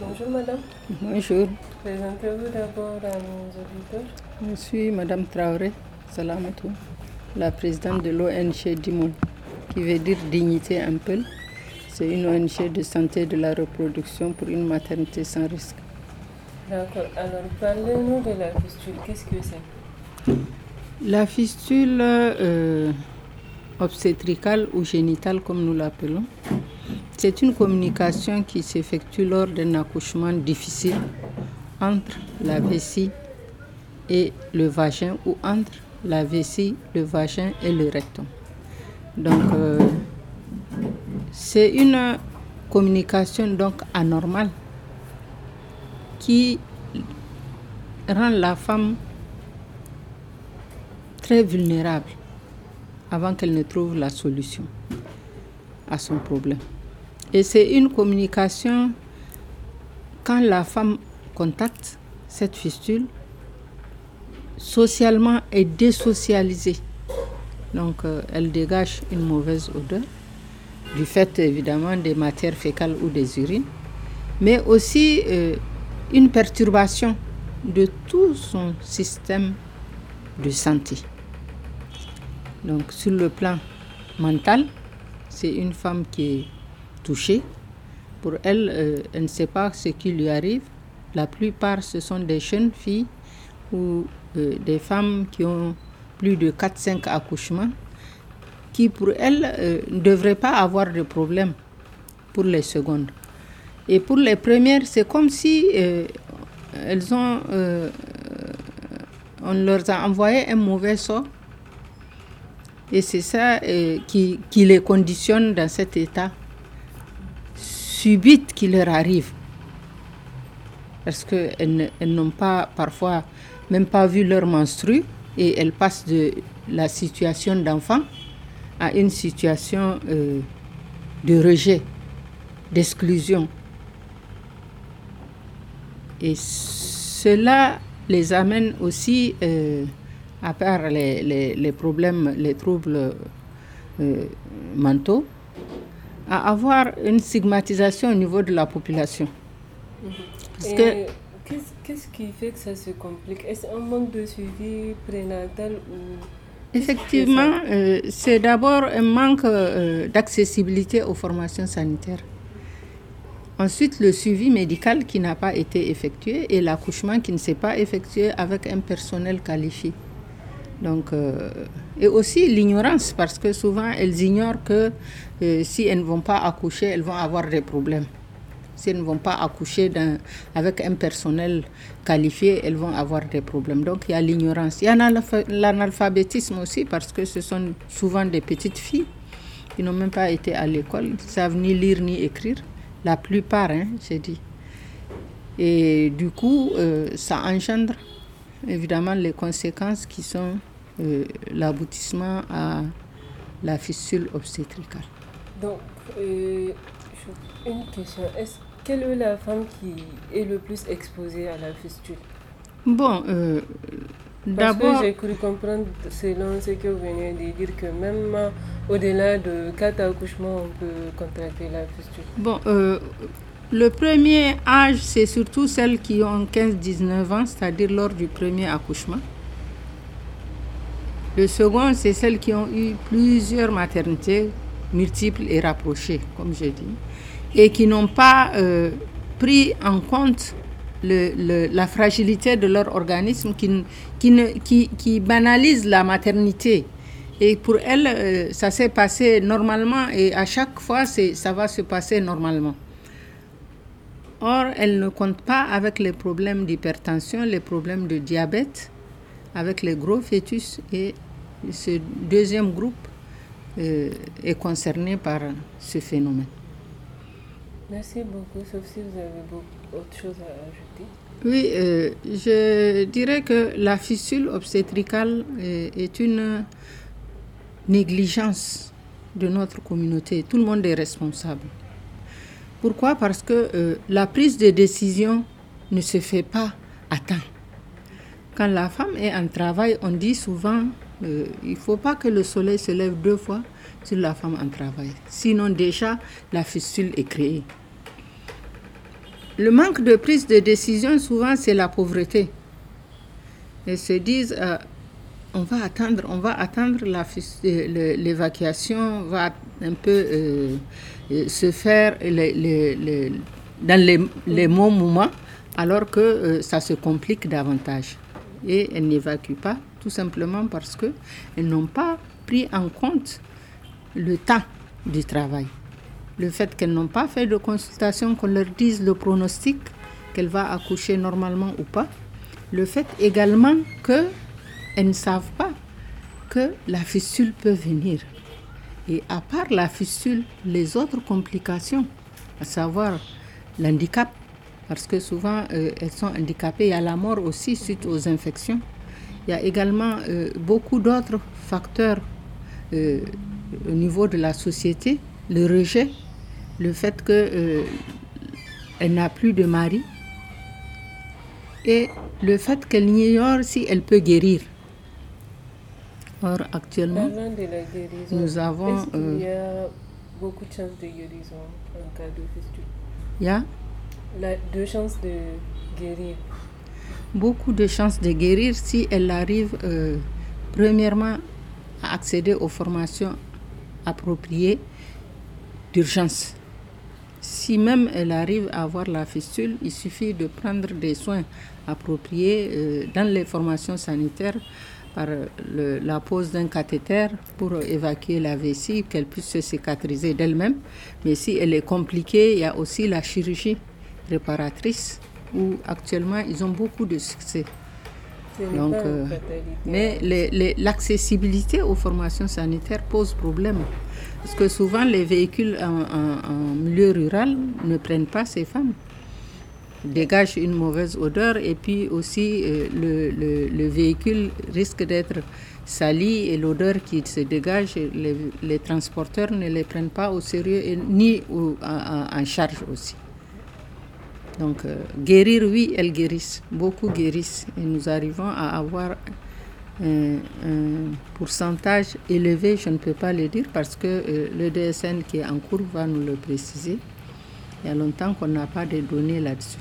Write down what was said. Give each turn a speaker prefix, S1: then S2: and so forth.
S1: bonjour madame. Bonjour. Présentez-vous d'abord à nos auditeurs.
S2: Je suis madame Traoré Salamatou, la présidente de l'ONG Dimon, qui veut dire dignité un peu. C'est une ONG de santé de la reproduction pour une maternité sans risque.
S1: D'accord. Alors parlez-nous de la fistule. Qu'est-ce que c'est
S2: La fistule euh, obstétricale ou génitale, comme nous l'appelons, c'est une communication qui s'effectue lors d'un accouchement difficile entre la vessie et le vagin ou entre la vessie, le vagin et le rectum. Donc, euh, c'est une communication donc anormale qui rend la femme très vulnérable avant qu'elle ne trouve la solution à son problème. Et c'est une communication, quand la femme contacte cette fistule, socialement est désocialisée. Donc euh, elle dégage une mauvaise odeur, du fait évidemment des matières fécales ou des urines, mais aussi euh, une perturbation de tout son système de santé. Donc sur le plan mental, c'est une femme qui est touchée. Pour elle, euh, elle ne sait pas ce qui lui arrive. La plupart, ce sont des jeunes filles ou euh, des femmes qui ont plus de 4-5 accouchements, qui pour elles euh, ne devraient pas avoir de problème pour les secondes. Et pour les premières, c'est comme si elles ont, on leur a envoyé un mauvais sort. Et c'est ça qui les conditionne dans cet état subite qui leur arrive. Parce qu'elles n'ont pas, parfois, même pas vu leur menstru et elles passent de la situation d'enfant à une situation euh, de rejet, d'exclusion. Et cela les amène aussi, euh, à part les, problèmes, les troubles euh, mentaux, à avoir une stigmatisation au niveau de la population. Mhm.
S1: Qu'est-ce qui fait que ça se complique Est-ce un manque de suivi prénatal ou... Effectivement,
S2: euh, c'est d'abord un manque euh, d'accessibilité aux formations sanitaires. Ensuite, le suivi médical qui n'a pas été effectué et l'accouchement qui ne s'est pas effectué avec un personnel qualifié. Donc, euh, et aussi l'ignorance, parce que souvent elles ignorent que euh, si elles ne vont pas accoucher, elles vont avoir des problèmes. Si elles ne vont pas accoucher avec un personnel qualifié, elles vont avoir des problèmes. Donc il y a l'ignorance. Il y a l'analphabétisme aussi, parce que ce sont souvent des petites filles qui n'ont même pas été à l'école, ne savent ni lire ni écrire. La plupart, hein, j'ai dit. Et du coup, euh, ça engendre évidemment les conséquences qui sont euh, l'aboutissement à la fistule obstétricale.
S1: Donc, euh, une question. quelle est la femme qui est le plus exposée à la fistule
S2: Bon, euh, d'abord... j'ai
S1: cru comprendre, selon ce que vous venez de dire, que même au-delà de quatre accouchements, on peut contracter la fistule.
S2: Bon, le premier âge, c'est surtout celles qui ont 15-19 ans, c'est-à-dire lors du premier accouchement. Le second, c'est celles qui ont eu plusieurs maternités multiples et rapprochées, comme je dis, et qui n'ont pas euh, pris en compte la fragilité de leur organisme, qui, banalise la maternité. Et pour elles, euh, ça s'est passé normalement et à chaque fois, ça va se passer normalement. Or, elles ne comptent pas avec les problèmes d'hypertension, les problèmes de diabète, avec les gros fœtus et ce deuxième groupe euh, est concerné par ce phénomène.
S1: Merci beaucoup, sauf si vous avez autre chose à ajouter.
S2: Oui, euh, je dirais que la fissure obstétricale euh, est, une négligence de notre communauté. Tout le monde est responsable. Pourquoi Parce que la prise de décision ne se fait pas à temps. Quand la femme est en travail, on dit souvent, euh, il ne faut pas que le soleil se lève deux fois sur la femme en travail. Sinon déjà, la fistule est créée. Le manque de prise de décision, souvent, c'est la pauvreté. Ils se disent, euh, on va attendre, on va attendre euh, l'évacuation, va un peu se faire dans les, les, moments, alors que ça se complique davantage et elles n'évacuent pas, tout simplement parce qu'elles n'ont pas pris en compte le temps du travail. Le fait qu'elles n'ont pas fait de consultation, qu'on leur dise le pronostic, qu'elle va accoucher normalement ou pas. Le fait également qu'elles ne savent pas que la fistule peut venir. Et à part la fistule, les autres complications, à savoir l'handicap, parce que souvent euh, elles sont handicapées. Il y a la mort aussi suite aux infections. Il y a également euh, beaucoup d'autres facteurs euh, au niveau de la société, le rejet, le fait qu'elle n'a plus de mari et le fait qu'elle ignore si elle peut guérir. Or, actuellement,
S1: nous avons... y beaucoup de chances de guérison en cas de la, chances de guérir
S2: Beaucoup de chances de guérir si elle arrive, euh, premièrement, à accéder aux formations appropriées d'urgence. Si même elle arrive à avoir la fistule, il suffit de prendre des soins appropriés euh, dans les formations sanitaires par euh, la pose d'un cathéter pour évacuer la vessie, qu'elle puisse se cicatriser d'elle-même. Mais si elle est compliquée, il y a aussi la chirurgie réparatrice où actuellement ils ont beaucoup de succès. Donc, euh, mais l'accessibilité aux formations sanitaires pose problème. Parce que souvent, les véhicules en, milieu rural ne prennent pas ces femmes. Dégagent une mauvaise odeur et puis aussi euh, le, véhicule risque d'être sali et l'odeur qui se dégage, les, les, transporteurs ne les prennent pas au sérieux ni en charge aussi. Donc euh, guérir, oui, elles guérissent, beaucoup guérissent. Et nous arrivons à avoir un, pourcentage élevé, je ne peux pas le dire parce que euh, le DSN qui est en cours va nous le préciser. Il y a longtemps qu'on n'a pas de données là-dessus.